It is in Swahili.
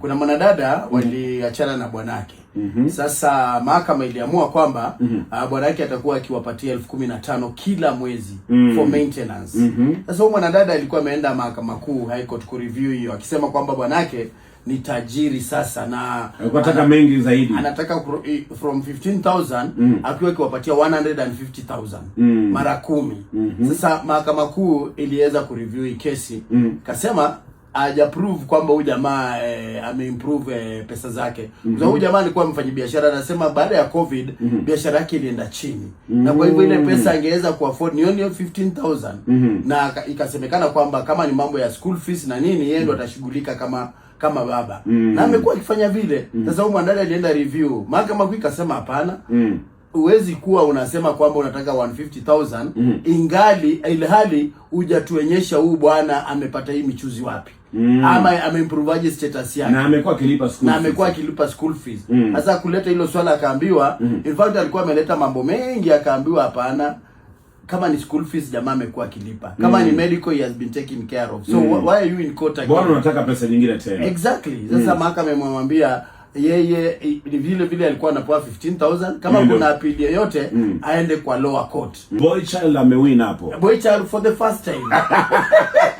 kuna mwanadada mm-hmm. waliachana na bwanake. mm -hmm. Sasa mahakama iliamua kwamba mm -hmm. uh, bwanake atakuwa akiwapatia elfu kumi na tano kila mwezi mm -hmm. for maintenance. mm -hmm. Sasa huyu mwanadada alikuwa ameenda mahakama kuu high court ku review hiyo, akisema kwamba bwanake ni tajiri sasa na anataka mengi zaidi, anataka from 15000 mm. akiwa akiwapatia 150000 mm. mara kumi. mm -hmm. Sasa mahakama kuu iliweza kureview hii kesi mm. kasema hajaprove kwamba huyu jamaa eh, ameimprove eh, pesa zake. Mm -hmm. Huyu jamaa alikuwa mfanya biashara, anasema baada ya COVID mm -hmm. biashara yake ilienda chini mm -hmm. na kwa hivyo ile pesa angeweza kuafford ni only 15000 mm -hmm. na ikasemekana kwamba kama ni mambo ya school fees na nini yeye ndo mm -hmm. atashughulika kama kama baba mm -hmm. na amekuwa akifanya vile. Mhm. Sasa mm -hmm. huyu mwandani alienda review, mahakama kuu ikasema hapana mm -hmm huwezi kuwa unasema kwamba unataka 150,000 mm. -hmm. ingali ilhali hujatuonyesha huyu bwana amepata hii michuzi wapi mm. -hmm. ama ameimprovaje status yake na amekuwa akilipa school na amekuwa akilipa school fees mhm. sasa mm. -hmm. kuleta hilo swala akaambiwa mm. -hmm. in fact alikuwa ameleta mambo mengi akaambiwa hapana kama ni school fees jamaa amekuwa akilipa, kama mm. ni medical he has been taken care of so mm. why are you in court again? Bwana unataka pesa nyingine tena. Exactly. Sasa mm. mahakama imemwambia yeye vile vile alikuwa anapewa 15000 kama kuna appeal yoyote mm. aende kwa lower court. Boy Child amewin hapo. Boy Child for the first time